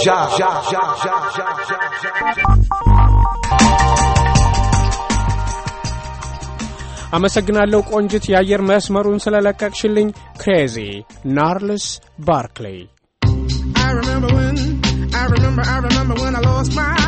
Ja, ja, ja, ja, ja, ja, ja. አመሰግናለሁ ቆንጅት፣ የአየር መስመሩን ስለለቀቅሽልኝ። ክሬዚ ናርልስ ባርክሌይ I remember when, I remember, I remember when I lost my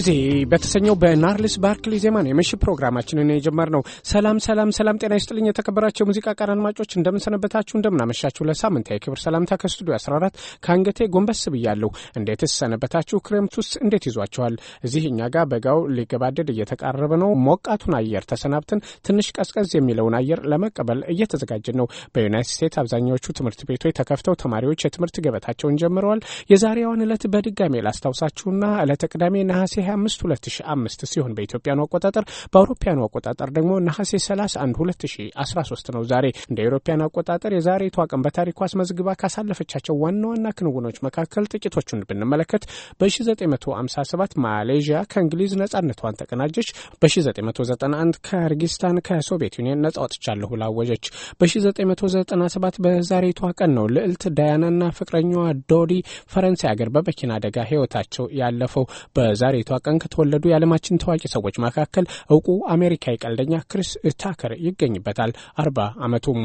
¿sí? በተሰኘው በናርልስ ባርክሊ ዜማ ነው የምሽት ፕሮግራማችንን የጀመርነው። ሰላም ሰላም ሰላም፣ ጤና ይስጥልኝ የተከበራቸው የሙዚቃ ቃር አድማጮች እንደምንሰነበታችሁ፣ እንደምናመሻችሁ። ለሳምንት ክብር ሰላምታ ከስቱዲዮ 14 ከአንገቴ ጎንበስ ብያለሁ። እንዴት ሰነበታችሁ? ክረምት ውስጥ እንዴት ይዟችኋል? እዚህ እኛ ጋር በጋው ሊገባደድ እየተቃረበ ነው። ሞቃቱን አየር ተሰናብተን ትንሽ ቀዝቀዝ የሚለውን አየር ለመቀበል እየተዘጋጀን ነው። በዩናይትድ ስቴትስ አብዛኛዎቹ ትምህርት ቤቶች ተከፍተው ተማሪዎች የትምህርት ገበታቸውን ጀምረዋል። የዛሬዋን ዕለት በድጋሜ ላስታውሳችሁና ዕለተ ቅዳሜ ነሐሴ 25 2005 ሲሆን በኢትዮጵያኑ አቆጣጠር በአውሮፓያኑ አቆጣጠር ደግሞ ነሐሴ 31 2013 ነው። ዛሬ እንደ አውሮፓያን አቆጣጠር የዛሬቷ ቀን በታሪኳ አስመዝግባ ካሳለፈቻቸው ዋና ዋና ክንውኖች መካከል ጥቂቶቹን ብንመለከት በ1957 ማሌዥያ ከእንግሊዝ ነጻነቷን ተቀናጀች። በ1991 ከርጊስታን ከሶቪየት ዩኒየን ነጻ ወጥቻለሁ ብላ አወጀች። በ1997 በዛሬቷ ቀን ነው ልዕልት ዳያናና ፍቅረኛዋ ዶዲ ፈረንሳይ ሀገር በመኪና አደጋ ህይወታቸው ያለፈው። በዛሬቷ ቀን ከተወለ ከተወለዱ የዓለማችን ታዋቂ ሰዎች መካከል እውቁ አሜሪካዊ ቀልደኛ ክሪስ ታከር ይገኝበታል። አርባ ዓመቱም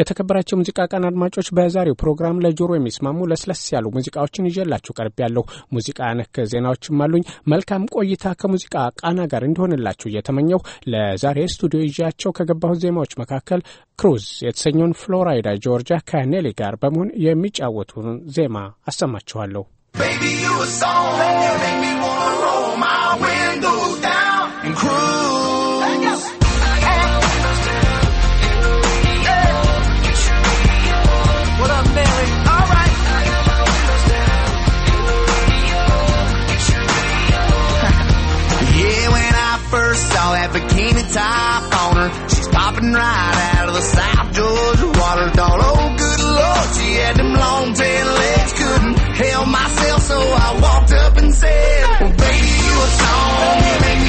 የተከበራቸው ሙዚቃ ቀን አድማጮች፣ በዛሬው ፕሮግራም ለጆሮ የሚስማሙ ለስለስ ያሉ ሙዚቃዎችን ይዤላችሁ ያለሁ ሙዚቃ ነክ ዜናዎችም አሉኝ። መልካም ቆይታ ከሙዚቃ ቃና ጋር እንዲሆንላችሁ እየተመኘሁ ለዛሬ ስቱዲዮ ይዣቸው ከገባሁት ዜማዎች መካከል ክሩዝ የተሰኘውን ፍሎራይዳ ጆርጂያ ከኔሊ ጋር በመሆን የሚጫወቱን ዜማ አሰማችኋለሁ። shooting right out of the South Georgia water doll. Oh, good lord, she had them long ten legs. Couldn't help myself, so I walked up and said, well, baby, you a song.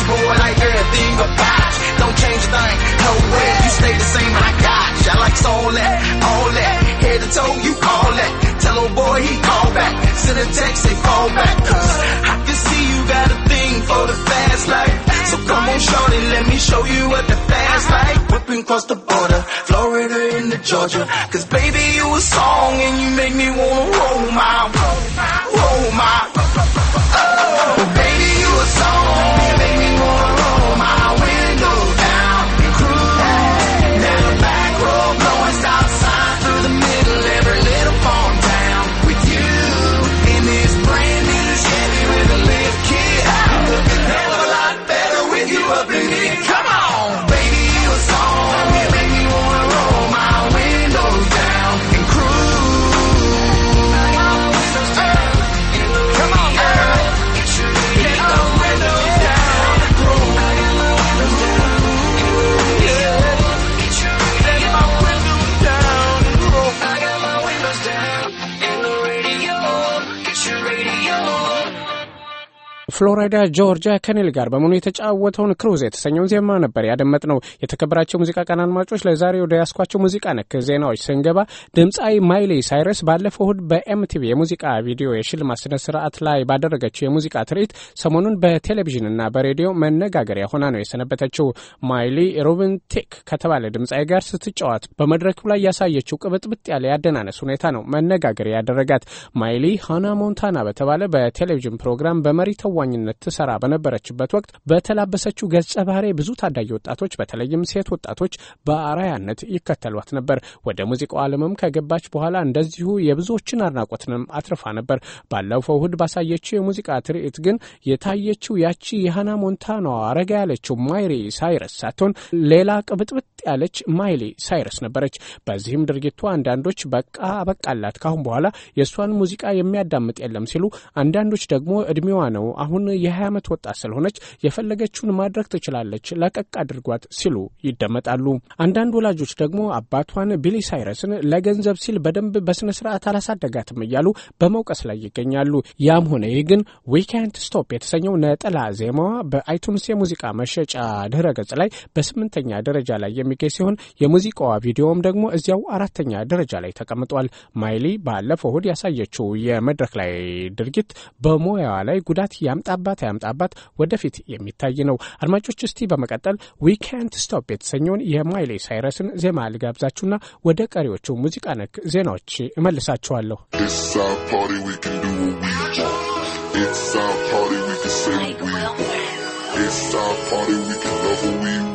you, boy, like everything about you. Don't change a thing, no way. You stay the same, I got you. I like all that, all that. Head to toe, you all that. Tell old boy he call back. Send a text, say fall back. Cause I can see you got a thing for the fast life. So come on, shorty, let me show you what the fast life. Whipping across the border, Florida into Georgia. Cause baby, you a song and you make me wanna roll my, roll my, roll my. ፍሎሪዳ ጆርጂያ ከኔል ጋር በመሆኑ የተጫወተውን ክሩዝ የተሰኘውን ዜማ ነበር ያደመጥ ነው። የተከበራቸው ሙዚቃ ቀን አድማጮች፣ ለዛሬ ወደ ያስኳቸው ሙዚቃ ነክ ዜናዎች ስንገባ ድምፃዊ ማይሊ ሳይረስ ባለፈው እሁድ በኤምቲቪ የሙዚቃ ቪዲዮ የሽልማት ስነ ስርዓት ላይ ባደረገችው የሙዚቃ ትርኢት ሰሞኑን በቴሌቪዥንና በሬዲዮ መነጋገሪያ ሆና ነው የሰነበተችው። ማይሊ ሩብን ቴክ ከተባለ ድምፃዊ ጋር ስትጫወት በመድረኩ ላይ ያሳየችው ቅብጥብጥ ያለ ያደናነስ ሁኔታ ነው መነጋገሪያ ያደረጋት። ማይሊ ሃና ሞንታና በተባለ በቴሌቪዥን ፕሮግራም በመሪ ተዋኝ በአሰልጣኝነት ትሰራ በነበረችበት ወቅት በተላበሰችው ገጸ ባህሪ ብዙ ታዳጊ ወጣቶች በተለይም ሴት ወጣቶች በአራያነት ይከተሏት ነበር። ወደ ሙዚቃው ዓለምም ከገባች በኋላ እንደዚሁ የብዙዎችን አድናቆትንም አትርፋ ነበር። ባለፈው እሁድ ባሳየችው የሙዚቃ ትርኢት ግን የታየችው ያቺ የሃና ሞንታናዋ አረጋ ያለችው ማይሪ ሳይረስ ሳትሆን ሌላ ቅብጥብጥ ያለች ማይሊ ሳይረስ ነበረች። በዚህም ድርጊቱ አንዳንዶች በቃ አበቃላት፣ ካሁን በኋላ የእሷን ሙዚቃ የሚያዳምጥ የለም ሲሉ፣ አንዳንዶች ደግሞ እድሜዋ ነው አሁን አሁን የ20 ዓመት ወጣት ስለሆነች የፈለገችውን ማድረግ ትችላለች፣ ለቀቅ አድርጓት ሲሉ ይደመጣሉ። አንዳንድ ወላጆች ደግሞ አባቷን ቢሊ ሳይረስን ለገንዘብ ሲል በደንብ በስነ ስርዓት አላሳደጋትም እያሉ በመውቀስ ላይ ይገኛሉ። ያም ሆነ ይህ ግን ዊካንት ስቶፕ የተሰኘው ነጠላ ዜማዋ በአይቱንስ የሙዚቃ መሸጫ ድረ ገጽ ላይ በስምንተኛ ደረጃ ላይ የሚገኝ ሲሆን የሙዚቃዋ ቪዲዮም ደግሞ እዚያው አራተኛ ደረጃ ላይ ተቀምጧል። ማይሊ ባለፈው እሁድ ያሳየችው የመድረክ ላይ ድርጊት በሙያዋ ላይ ጉዳት ያምጣል ያምጣባት አያምጣባት ወደፊት የሚታይ ነው። አድማጮች እስቲ በመቀጠል ዊካንት ስቶፕ የተሰኘውን የማይሌ ሳይረስን ዜማ ልጋብዛችሁና ወደ ቀሪዎቹ ሙዚቃ ነክ ዜናዎች እመልሳችኋለሁ። It's our party, we can love who we want.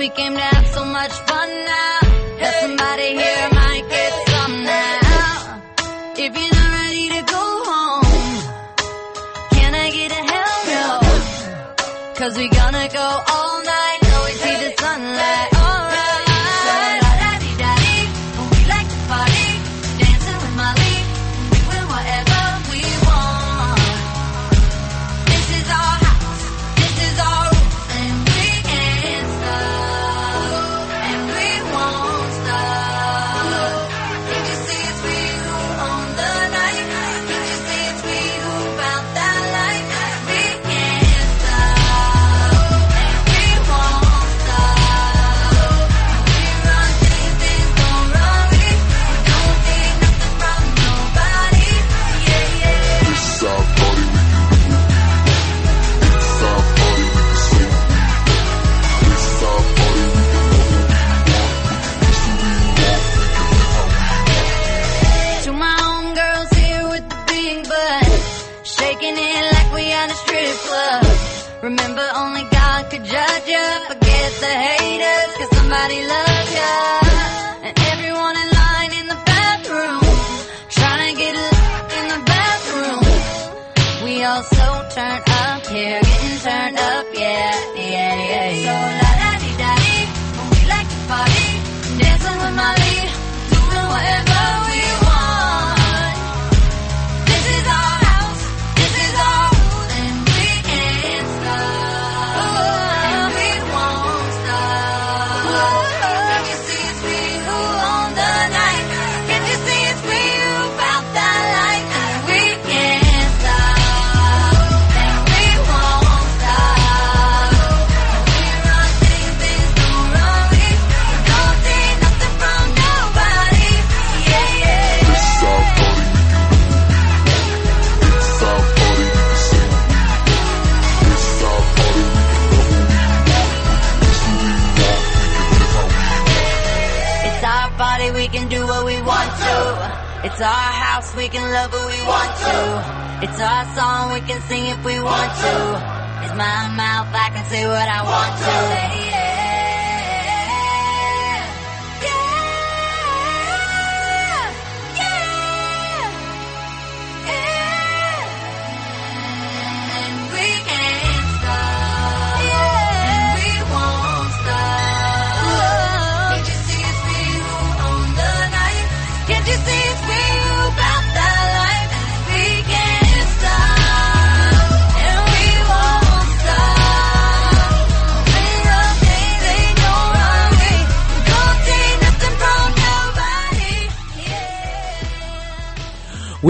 we came to have so much fun now. That somebody here might get some now. If you're not ready to go home, can I get a hell no? Cause we got love, but we want to. It's our song, we can sing if we want to. It's my mouth, I can say what I want to.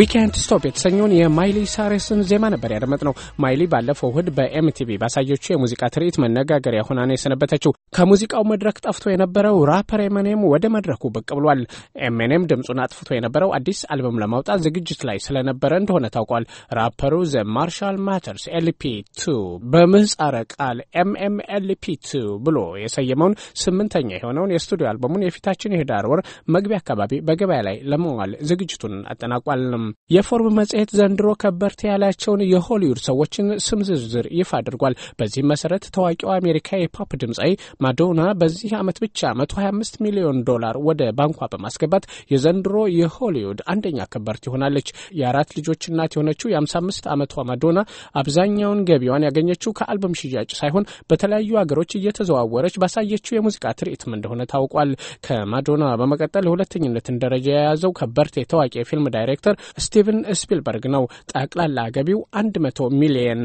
ዊኬንድ ስቶፕ የተሰኘውን የማይሊ ሳሬስን ዜማ ነበር ያደመጥ ነው። ማይሊ ባለፈው እሁድ በኤምቲቪ ባሳየችው የሙዚቃ ትርኢት መነጋገሪያ ሆና ነው የሰነበተችው። ከሙዚቃው መድረክ ጠፍቶ የነበረው ራፐር ኤምኔም ወደ መድረኩ ብቅ ብሏል። ኤምኔም ድምፁን አጥፍቶ የነበረው አዲስ አልበም ለማውጣት ዝግጅት ላይ ስለነበረ እንደሆነ ታውቋል። ራፐሩ ዘ ማርሻል ማተርስ ኤልፒ ቱ በምህጻረ ቃል ኤምኤምኤልፒ ቱ ብሎ የሰየመውን ስምንተኛ የሆነውን የስቱዲዮ አልበሙን የፊታችን የህዳር ወር መግቢያ አካባቢ በገበያ ላይ ለመዋል ዝግጅቱን አጠናቋልም። የፎርብ መጽሔት ዘንድሮ ከበርቴ ያላቸውን የሆሊውድ ሰዎችን ስም ዝርዝር ይፋ አድርጓል። በዚህም መሰረት ታዋቂው አሜሪካ የፖፕ ድምፃዊ ማዶና በዚህ ዓመት ብቻ 125 ሚሊዮን ዶላር ወደ ባንኳ በማስገባት የዘንድሮ የሆሊውድ አንደኛ ከበርቴ ሆናለች። የአራት ልጆች እናት የሆነችው የ55 ዓመቷ ማዶና አብዛኛውን ገቢዋን ያገኘችው ከአልበም ሽያጭ ሳይሆን በተለያዩ ሀገሮች እየተዘዋወረች ባሳየችው የሙዚቃ ትርኢትም እንደሆነ ታውቋል። ከማዶና በመቀጠል ሁለተኝነትን ደረጃ የያዘው ከበርቴ ታዋቂ የፊልም ዳይሬክተር ስቲቨን ስፒልበርግ ነው። ጠቅላላ ገቢው 100 ሚሊየን።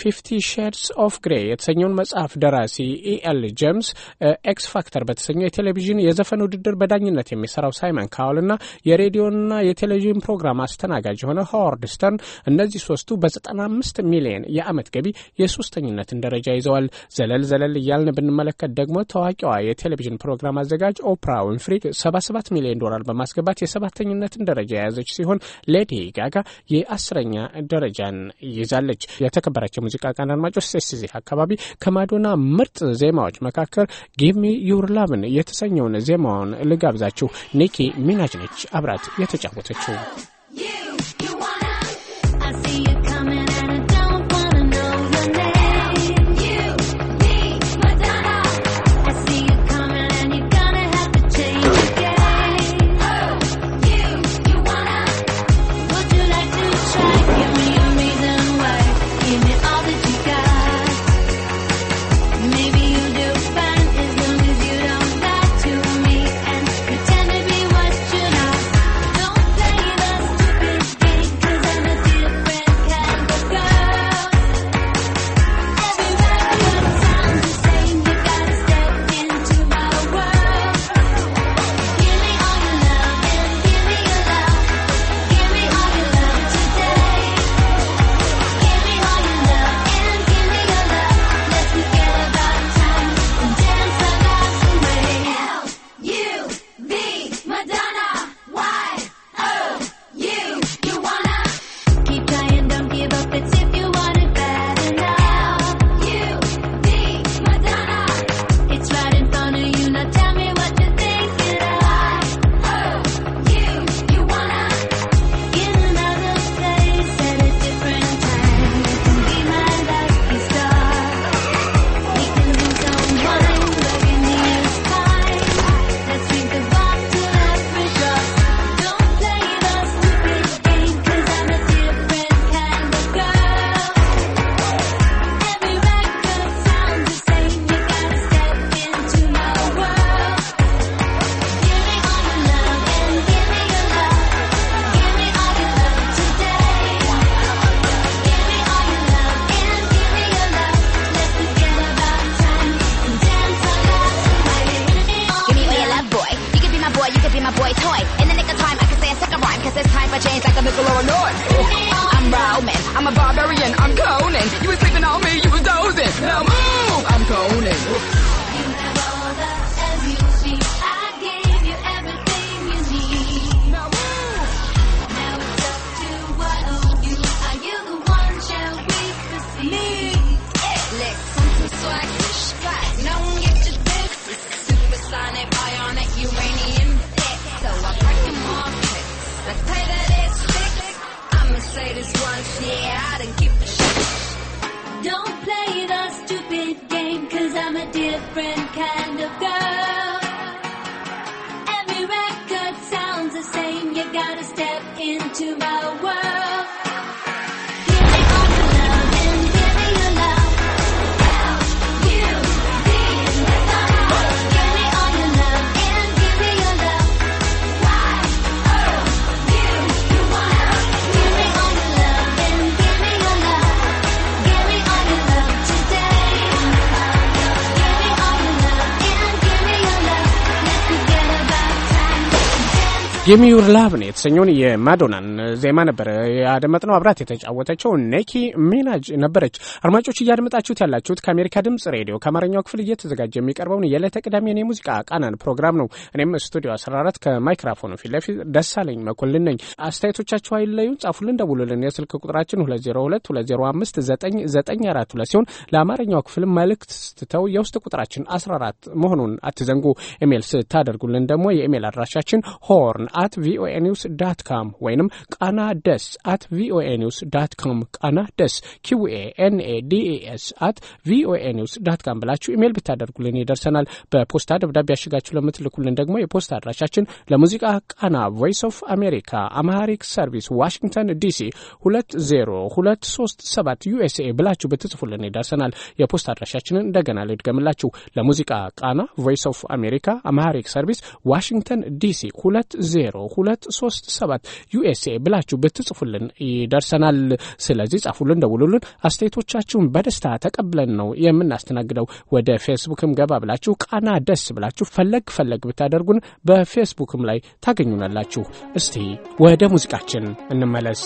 ፊፍቲ ሼድስ ኦፍ ግሬ የተሰኘውን መጽሐፍ ደራሲ ኢኤል ጄምስ፣ ኤክስ ፋክተር በተሰኘው የቴሌቪዥን የዘፈን ውድድር በዳኝነት የሚሰራው ሳይመን ካውል እና የሬዲዮና የቴሌቪዥን ፕሮግራም አስተናጋጅ የሆነ ሆዋርድ ስተርን፣ እነዚህ ሶስቱ በ95 ሚሊየን የአመት ገቢ የሶስተኝነትን ደረጃ ይዘዋል። ዘለል ዘለል እያልን ብንመለከት ደግሞ ታዋቂዋ የቴሌቪዥን ፕሮግራም አዘጋጅ ኦፕራ ዊንፍሪ 77 ሚሊዮን ዶላር በማስገባት የሰባተኝነትን ደረጃ የያዘች ሲሆን ሌዲ ጋጋ የአስረኛ ደረጃን ይዛለች። የተከበራቸው ሙዚቃ ቀን አድማጮች እዚህ አካባቢ ከማዶና ምርጥ ዜማዎች መካከል ጊሚ ዩርላብን የተሰኘውን ዜማውን ልጋብዛችሁ። ኒኪ ሚናጅ ነች አብራት የተጫወተችው። saying you gotta step into my world. የሚዩር ሚ ላቭ ነው የተሰኘውን የማዶናን ዜማ ነበረ ያደመጥነው። አብራት የተጫወተችው ኔኪ ሚናጅ ነበረች። አድማጮች እያደመጣችሁት ያላችሁት ከአሜሪካ ድምጽ ሬዲዮ ከአማርኛው ክፍል እየተዘጋጀ የሚቀርበውን የዕለተ ቅዳሜን የሙዚቃ ቃናን ፕሮግራም ነው። እኔም ስቱዲዮ 14 ከማይክራፎኑ ፊት ለፊት ደሳለኝ መኮልን ነኝ። አስተያየቶቻችሁ አይለዩን፣ ጻፉልን፣ ደውሉልን። የስልክ ቁጥራችን 2022059942 ሲሆን ለአማርኛው ክፍል መልእክት ስትተው የውስጥ ቁጥራችን 14 መሆኑን አትዘንጉ። ኢሜል ስታደርጉልን ደግሞ የኢሜል አድራሻችን ሆርን አት ቪኦኤ ኒውስ ዳት ካም ወይንም ቃና ደስ አት ቪኦኤ ኒውስ ዳት ካም ቃና ደስ ኪውኤ ኤንኤ ዲኤስ አት ቪኦኤ ኒውስ ዳት ካም ብላችሁ ኢሜይል ብታደርጉልን ይደርሰናል። በፖስታ ደብዳቤ ያሽጋችሁ ለምትልኩልን ደግሞ የፖስታ አድራሻችን ለሙዚቃ ቃና ቮይስ ኦፍ አሜሪካ አማሃሪክ ሰርቪስ ዋሽንግተን ዲሲ 20237 ዩኤስኤ ብላችሁ ብትጽፉልን ይደርሰናል። የፖስታ አድራሻችንን እንደገና ልድገምላችሁ። ለሙዚቃ ቃና ቮይስ ኦፍ አሜሪካ አማሃሪክ ሰርቪስ ዋሽንግተን ዲሲ 20 0237 ዩኤስኤ ብላችሁ ብትጽፉልን ይደርሰናል። ስለዚህ ጻፉልን፣ ደውሉልን። አስተያየቶቻችሁን በደስታ ተቀብለን ነው የምናስተናግደው። ወደ ፌስቡክም ገባ ብላችሁ ቃና ደስ ብላችሁ ፈለግ ፈለግ ብታደርጉን በፌስቡክም ላይ ታገኙናላችሁ። እስቲ ወደ ሙዚቃችን እንመለስ።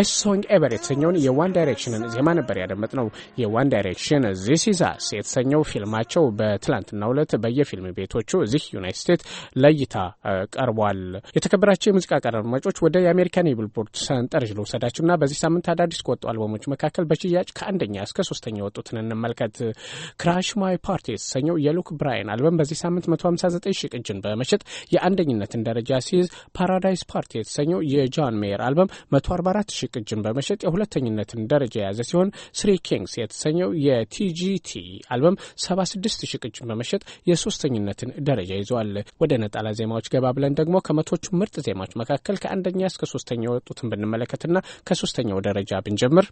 ቤስት ሶንግ ኤቨር የተሰኘውን የዋን ዳይሬክሽንን ዜማ ነበር ያደመጥ ነው። የዋን ዳይሬክሽን ዚስ ኢዝ አስ የተሰኘው ፊልማቸው በትላንትናው ዕለት በየፊልም ቤቶቹ እዚህ ዩናይት ስቴትስ ለእይታ ቀርቧል። የተከበራቸው የሙዚቃ ቀረ አድማጮች ወደ የአሜሪካን የቢልቦርድ ሰንጠረዥ ና በዚህ ሳምንት አዳዲስ ከወጡ አልበሞች መካከል በሽያጭ ከአንደኛ እስከ ሶስተኛ የወጡትን እንመልከት። ክራሽ ማይ ፓርቲ የተሰኘው የሉክ ብራይን አልበም በዚህ ሳምንት 159 ሺ ቅጅን በመሸጥ የአንደኝነትን ደረጃ ሲይዝ ፓራዳይስ ፓርቲ የተሰኘው የጃን ሜየር አልበም 144 ሺ ቅጅን በመሸጥ የሁለተኝነትን ደረጃ የያዘ ሲሆን ስሪ ኪንግስ የተሰኘው የቲጂቲ አልበም 76 ሺ ቅጅን በመሸጥ የሶስተኝነትን ደረጃ ይዘዋል። ወደ ነጠላ ዜማዎች ገባ ብለን ደግሞ ከመቶቹ ምርጥ ዜማዎች መካከል ከአንደኛ እስከ ሶስተኛ የወጡትን ብንመለከትና ከሶስተኛው ደረጃ ብንጀምር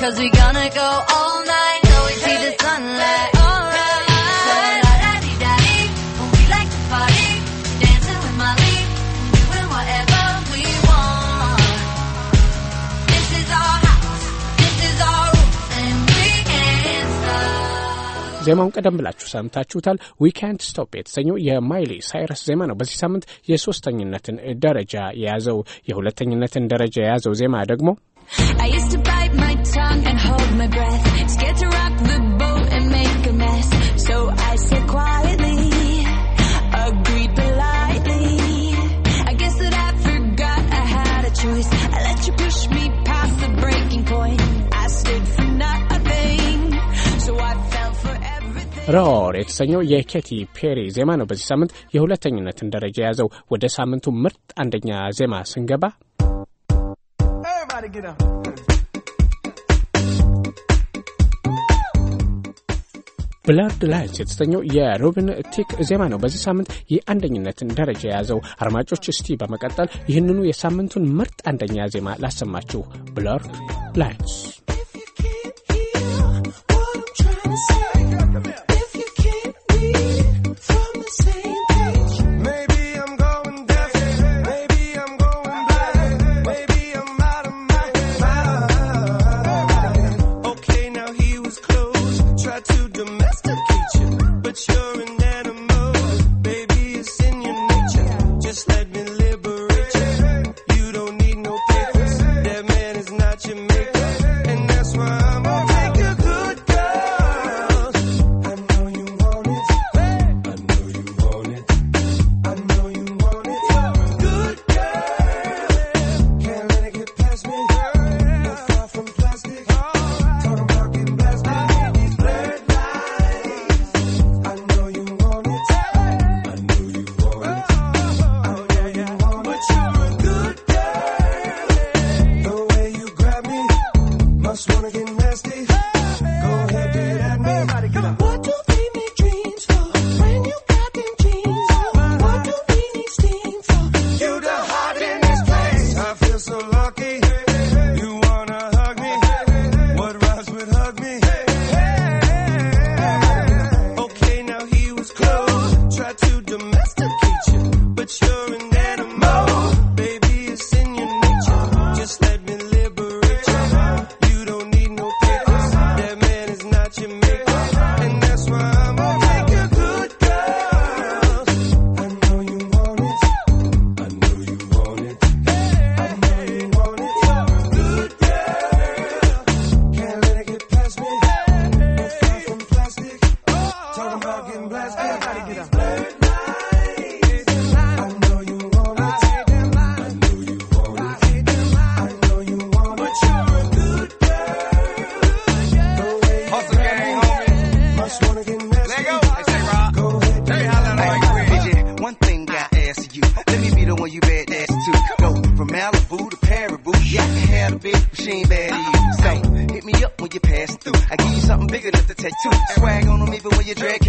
Cause we gonna go all night till we see the sunlight ዜማውን ቀደም ብላችሁ ሰምታችሁታል። ዊ ካንት ስቶፕ የተሰኘው የማይሊ ሳይረስ ዜማ ነው። በዚህ ሳምንት የሶስተኝነትን ደረጃ የያዘው። የሁለተኝነትን ደረጃ የያዘው ዜማ ደግሞ I used to bite my tongue and hold my breath ሮር የተሰኘው የኬቲ ፔሪ ዜማ ነው በዚህ ሳምንት የሁለተኝነትን ደረጃ የያዘው። ወደ ሳምንቱ ምርጥ አንደኛ ዜማ ስንገባ ብለርድ ላይንስ የተሰኘው የሮቢን ቲክ ዜማ ነው በዚህ ሳምንት የአንደኝነትን ደረጃ የያዘው። አድማጮች፣ እስቲ በመቀጠል ይህንኑ የሳምንቱን ምርጥ አንደኛ ዜማ ላሰማችሁ። ብለርድ ላይንስ she So hit me up when you pass through. I give you something bigger than the tattoo. Swag on them even when you drag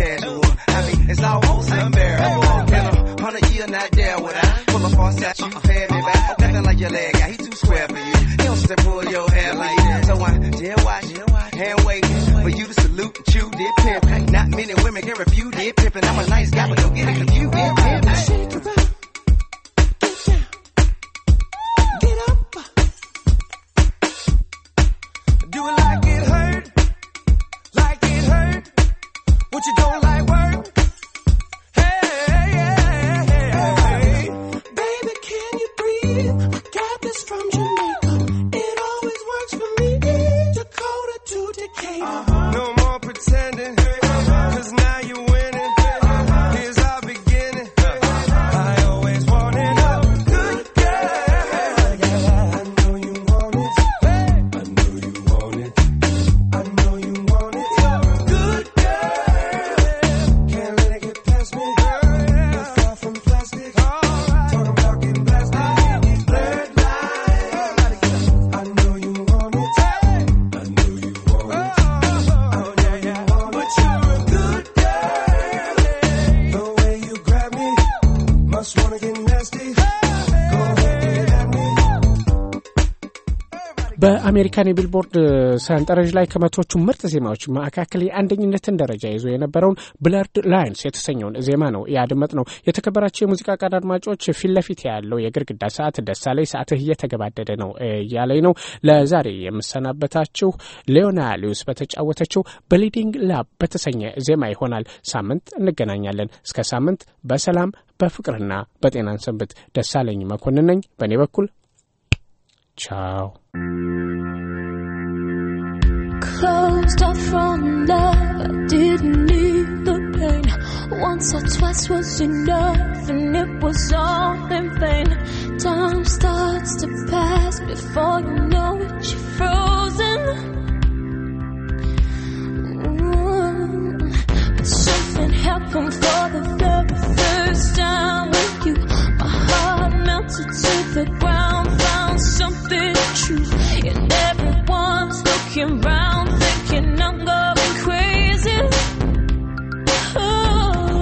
የአሜሪካን የቢልቦርድ ሰንጠረዥ ላይ ከመቶቹ ምርጥ ዜማዎች መካከል የአንደኝነትን ደረጃ ይዞ የነበረውን ብለርድ ላይንስ የተሰኘውን ዜማ ነው ያድመጥ ነው። የተከበራቸው የሙዚቃ ቃድ አድማጮች ፊት ለፊት ያለው የግርግዳ ሰዓት ደሳለኝ ሰዓትህ እየተገባደደ ነው እያለኝ ነው። ለዛሬ የምሰናበታችሁ ሌዮና ሊዩስ በተጫወተችው በሊዲንግ ላብ በተሰኘ ዜማ ይሆናል። ሳምንት እንገናኛለን። እስከ ሳምንት በሰላም በፍቅርና በጤናን ሰንብት። ደሳለኝ መኮንን ነኝ። በእኔ በኩል ቻው። Closed off from love, I didn't need the pain. Once or twice was enough, and it was all in vain. Time starts to pass before you know it, you're frozen. But something happened for the very first time with you. My heart melted to the ground. walking thinking I'm going crazy. Oh,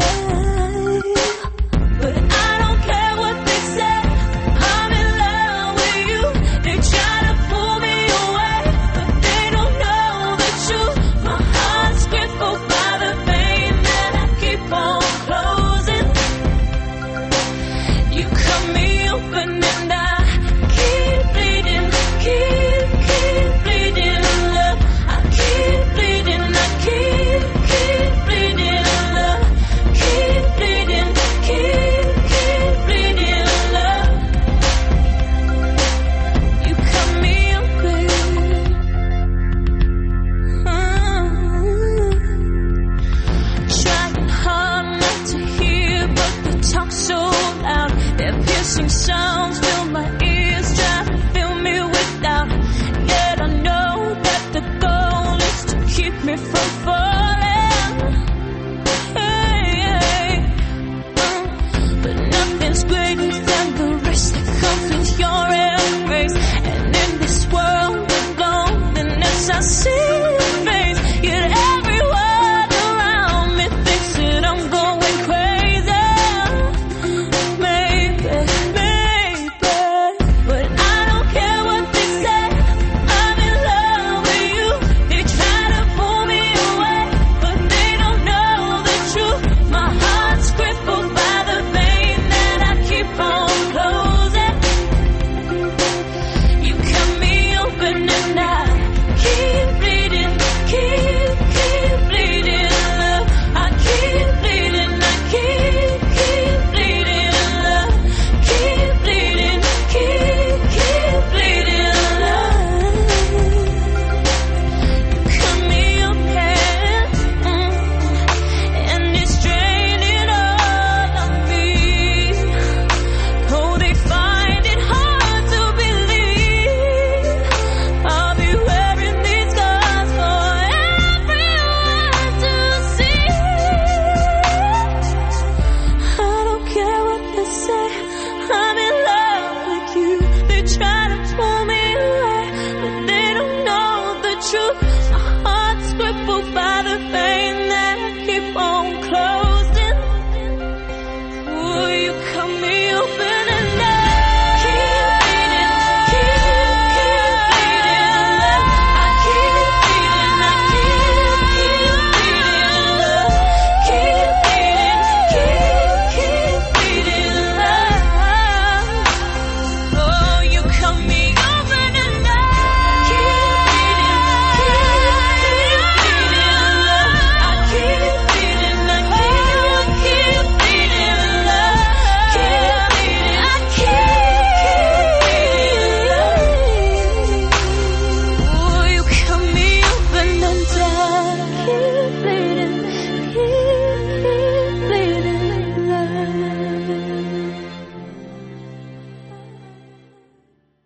but I don't care what they say. I'm in love with you. They to pull me away, but they don't know the truth. My heart's crippled by the pain that I keep on closing. You cut me open